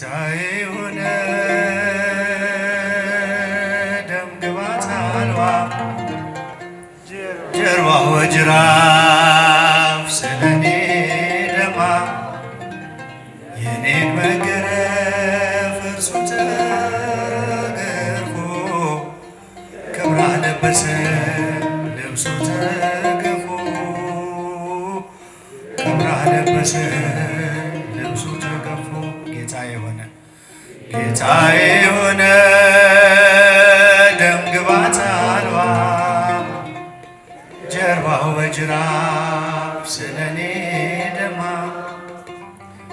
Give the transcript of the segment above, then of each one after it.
ጌታዬ ሆነ ደም ግባት አልባ ጀርባ ወጅራፍ ስለኔ ደማ የኔን መገረፍ እርሱ ተገርፎ ክብራ ለበሰ ልብሱ ተገፎ ክብራ ለበሰ ስታይ የሆነ ደም ግባት አልባ ጀርባው በጅራፍ ስለኔ ደማ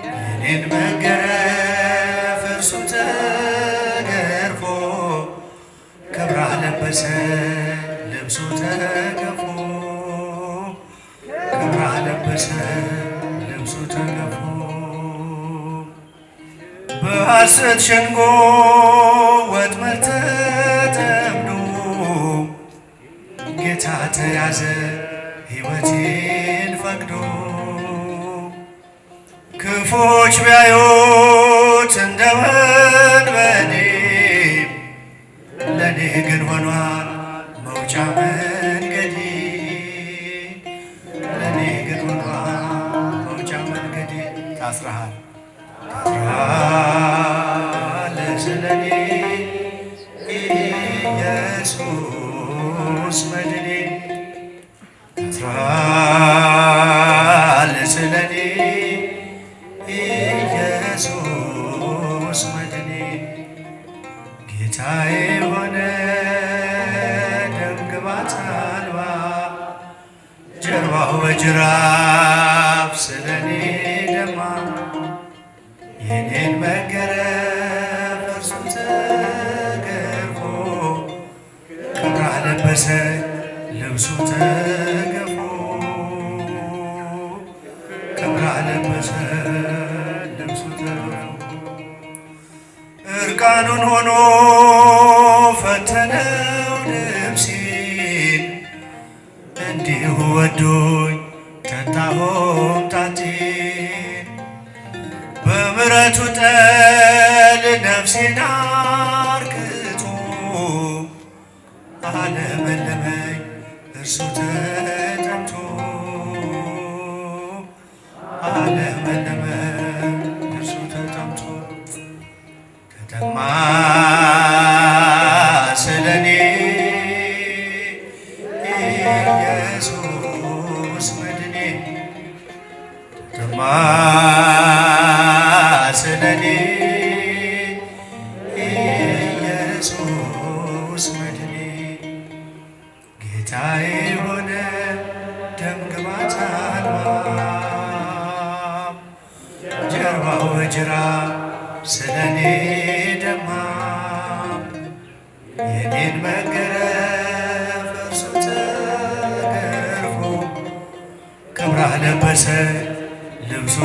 እኔን መገረፍ እርሱ ተገርፎ ክብራ ለበሰ ልብሱ ተገፎ ክብራ ለበሰ በሐሰት ሸንጎ ወጥመድ ተጠምዶ ጌታ ተያዘ ሕይወቴን ፈቅዶ ክፎች ቢያዩት እንደ ወንበዴ ለእኔ ግን ሆኗል መውጫ ጅራፍ ስለኔ ደማ የኔን መገረፍ እርሱ ተገፎ ክብራህ ለበሰ ልብሱ ተገፎ ክብራህ ለበሰ ልብሱ ተገፎ እርቃኑን ሆኖ ሆንቃቴን በምረቱ ጠል ነፍሴን አርክቶ አለመለመኝ እርሱ ተጠምቶ አለመለመ እርሱ ተጠምቶ ተጠማ ጌታዬ ሆነ ደምግባት አልባ ጀርባው በጅራፍ ስለኔ ደማ የኔን መገረፍ እርሱ ተገርፎ ክብራ ለበሰ ልብሱ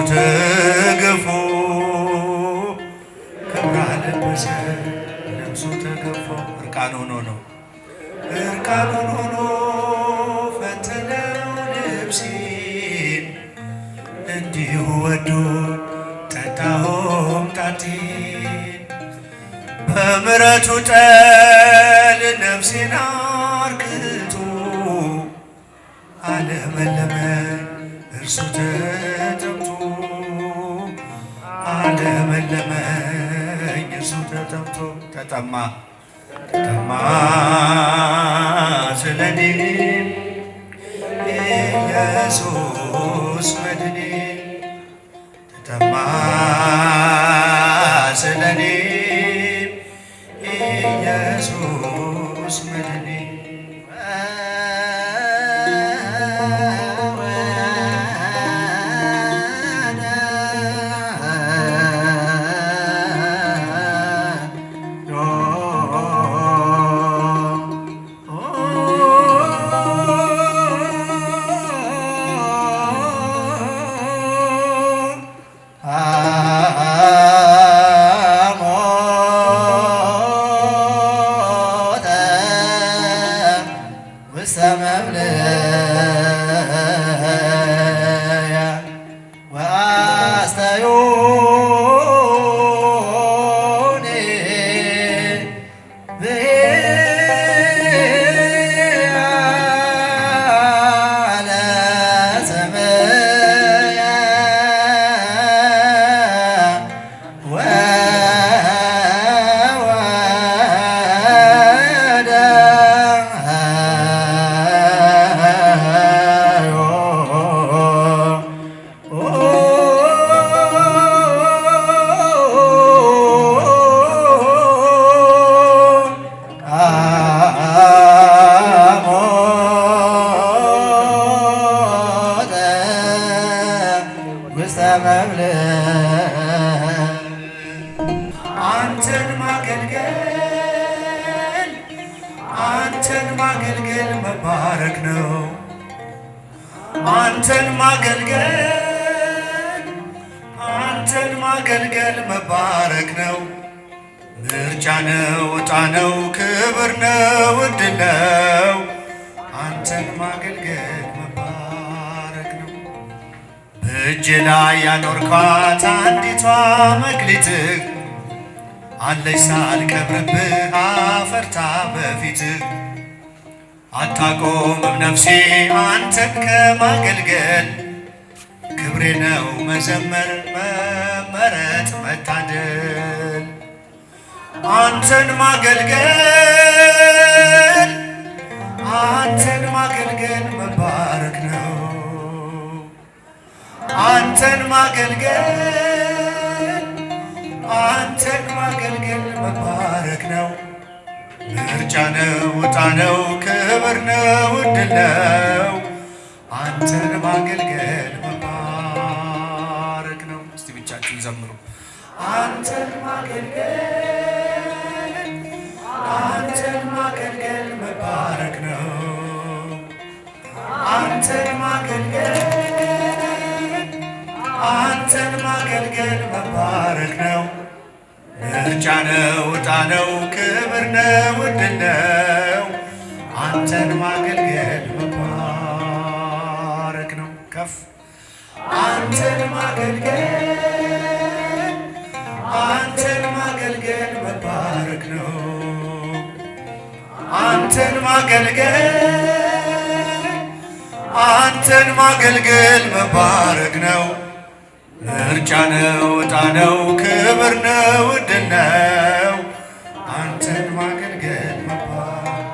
በምረቱ ጥል ነፍሴን አርክቶ አለመለመን እርሱ ተጠምቶ አለመለመኝ እርሱ ተጠምቶ ተጠማ ተጠማ ስለኔ ኢየሱስ መድኔ ተጠማ ማገልገል መባረክ ነው። አንተን ማገልገል አንተን ማገልገል መባረክ ነው። ምርጫ ነው፣ ዕጣ ነው፣ ክብር ነው፣ ዕድል ነው። አንተን ማገልገል መባረክ ነው። በእጅ ላይ ያኖርኳት አንዲቷ መክሊትህ አለች ሳልቀብርብህ አፈርታ በፊትህ አታቆምም ነፍሴ አንተን ከማገልገል ክብሬ ነው መዘመር መመረጥ መታደል አንተን ማገልገል አንተን ማገልገል መባረክ ነው አንተን ማገልገል አንተን ማገልገል መባረክ ነው ምርጫ ነው ዕጣ ነው ክብር ነው ዕድል ነው አንተን ማገልገል መባረክ ነው። እስቲ ብቻችሁን ዘምሩ። አንተን ማገልገል አንተን ማገልገል መባረክ ነው። አንተን ማገልገል አንተን ማገልገል መባረክ ነው። ምርጫ ነው ዕጣ ነው ክብር ነው ዕድል ነው አንተን ማገልገል መባረክ ነው ከፍ አንተን ማገልገል አንተን ማገልገል መባረክ ነው አንተን ማገልገል አንተን ማገልገል መባረክ ነው ምርጫ ነው ዕጣ ነው ክብር ነው ድል ነው አንተን ማገልገል መባል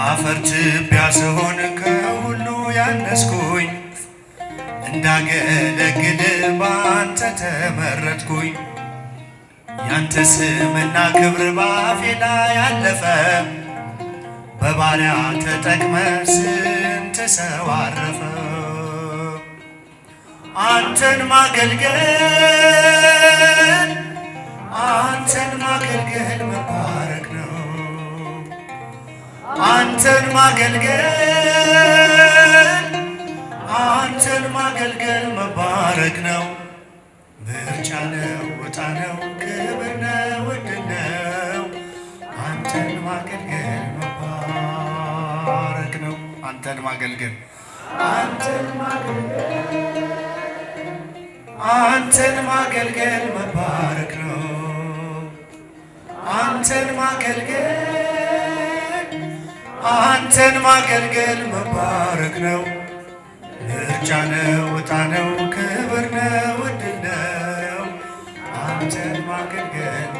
አፈር ትቢያ ስሆን ከሁሉ ያነስኩኝ እንዳገለግል ባንተ ተመረጥኩኝ ያንተ ስምና ክብር ባፌ ላይ ያለፈ በባሪያ ተጠቅመ ስንት ሰው አረፈ አንተን ማገልገል አንተን ማገልገል መባረክ ነው። አንተን ማገልገል አንተን ማገልገል መባረክ ነው። ምርጫ ነው፣ ወጣ ነው፣ ክብር ነው፣ ውድ ነው። አንተን ማገልገል መባረክ ነው። አንተን ማገልገል አንተን ማገልገል አንተን ማገልገል መባረክ ነው። አንተን ማገልገል አንተን ማገልገል መባረክ ነው። ምርጫ ነው፣ ዕጣ ነው፣ ክብር ነው፣ ዕድል ነው። አንተን ማገልገል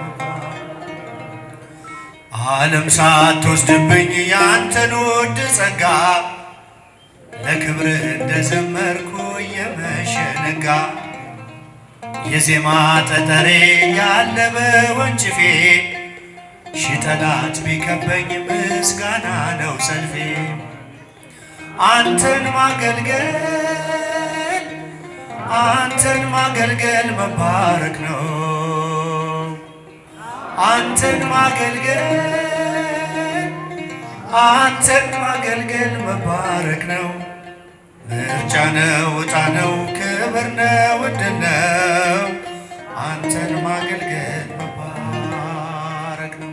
ዓለም ሳትወስድብኝ ያንተን ውድ ጸጋ ለክብርህ እንደዘመርኩ የመሸነጋ የዜማ ጠጠሬ ያለበ ወንጭፌ ሺህ ጠላት ቢከበኝ ምስጋና ነው ሰልፌ። አንተን ማገልገል አንተን ማገልገል መባረክ ነው። አንተን ማገልገል አንተን ማገልገል መባረክ ነው። ምርጫ ነው ዕጣ ነው ክብር ነው ዕድል ነው አንተን ማገልገል መባረክ ነው።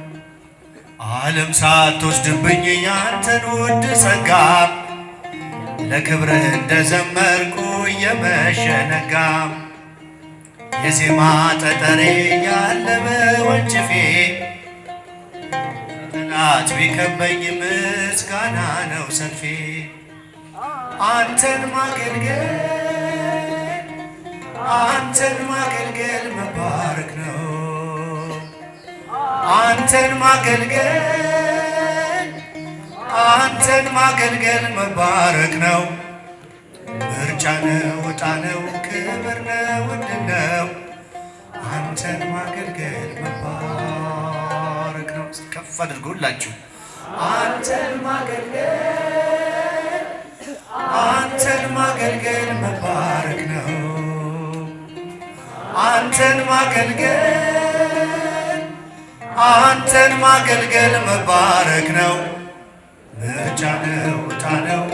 ዓለም ሳትወስድብኝ ያንተን ውድ ጸጋ ለክብርህ እንደዘመርኩ እየመሸ ነጋ የዜማ ጠጠሬ ያለበ ወንጭፌ ጠላት ቢከበኝ ምስጋና ነው ሰልፌ አንተን ማገልገል አንተን ማገልገል መባረክ ነው። አንተን ማገልገል አንተን ማገልገል መባረክ ነው። ምርጫ ነው፣ ዕጣ ነው፣ ክብር ነው፣ ዕድል ነው። አንተን ማገልገል መባረክ ነው። ከፍ አድርጎላችሁ አንተን ማገልገል አንተን ማገልገል መባረክ ነው። አንተን ማገልገል አንተን ማገልገል መባረክ ነው። ምርጫ ነው፣ ነው